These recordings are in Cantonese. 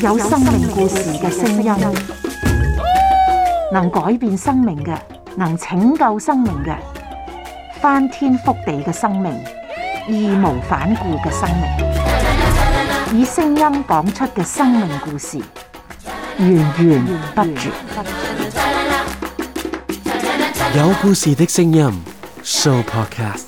有生命故事嘅聲音，能改變生命嘅，能拯救生命嘅，翻天覆地嘅生命，義無反顧嘅生命，以聲音講出嘅生命故事，源源不絕。有故事嘅聲音，Show Podcast。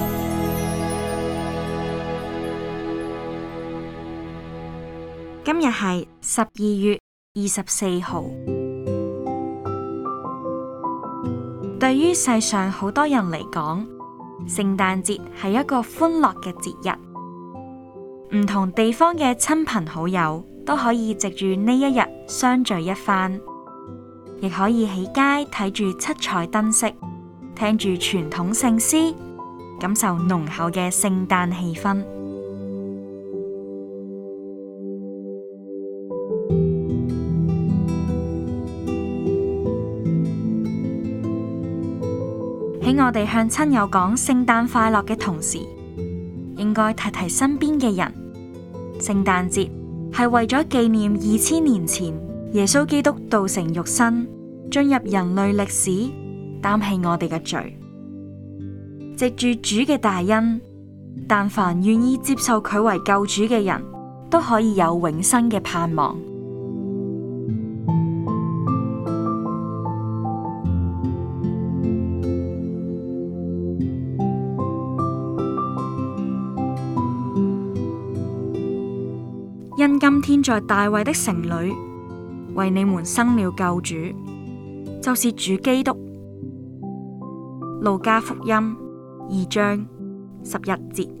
今日係十二月二十四號。對於世上好多人嚟講，聖誕節係一個歡樂嘅節日。唔同地方嘅親朋好友都可以藉住呢一日相聚一番，亦可以喺街睇住七彩燈飾，聽住傳統聖詩，感受濃厚嘅聖誕氣氛。當我哋向親友講聖誕快樂嘅同時，應該提提身邊嘅人。聖誕節係為咗紀念二千年前耶穌基督道成肉身，進入人類歷史，擔起我哋嘅罪。藉住主嘅大恩，但凡願意接受佢為救主嘅人，都可以有永生嘅盼望。因今天在大衛的城裏為你們生了救主，就是主基督。路加福音二章十一節。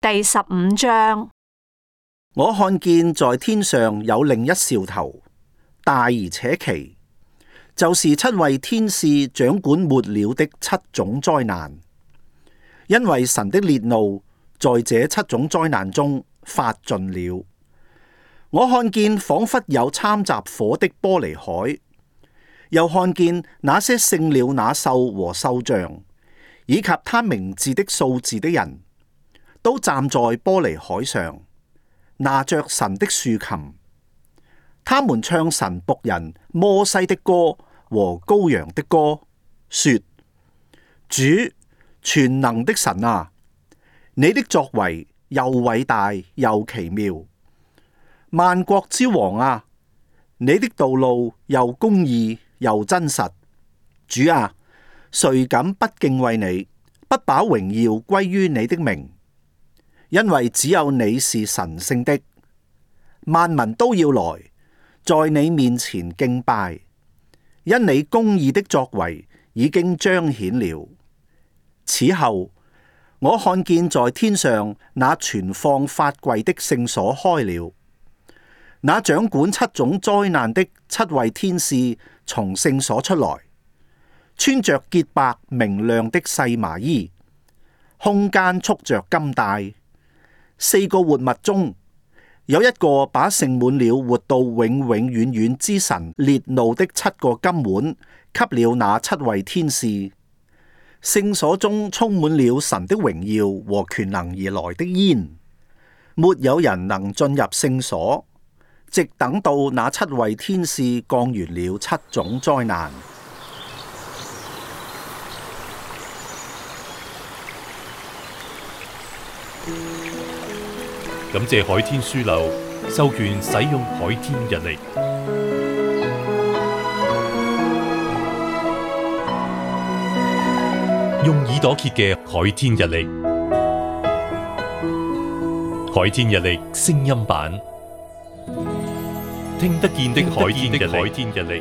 第十五章，我看見在天上有另一兆頭，大而且奇，就是七位天使掌管末了的七種災難，因為神的烈怒在這七種災難中發盡了。我看見仿佛有摻雜火的玻璃海，又看見那些勝了那獸和獸像以及他名字的數字的人。都站在玻璃海上，拿着神的豎琴，他們唱神僕人摩西的歌和羔羊的歌，說：主全能的神啊，你的作為又偉大又奇妙，萬國之王啊，你的道路又公義又真實。主啊，誰敢不敬畏你，不把榮耀歸於你的名？因為只有你是神聖的，萬民都要來在你面前敬拜，因你公義的作為已經彰顯了。此後，我看見在天上那存放法櫃的聖所開了，那掌管七種災難的七位天使從聖所出來，穿着潔白明亮的細麻衣，空間束着金帶。四個活物中，有一個把盛滿了活到永永遠遠之神烈怒的七個金碗，給了那七位天使。聖所中充滿了神的榮耀和權能而來的煙，沒有人能進入聖所，直等到那七位天使降完了七種災難。感謝海天書樓授權使用海天日曆，用耳朵揭嘅海天日曆，海天日曆聲音版，聽得見的海天嘅海天日曆。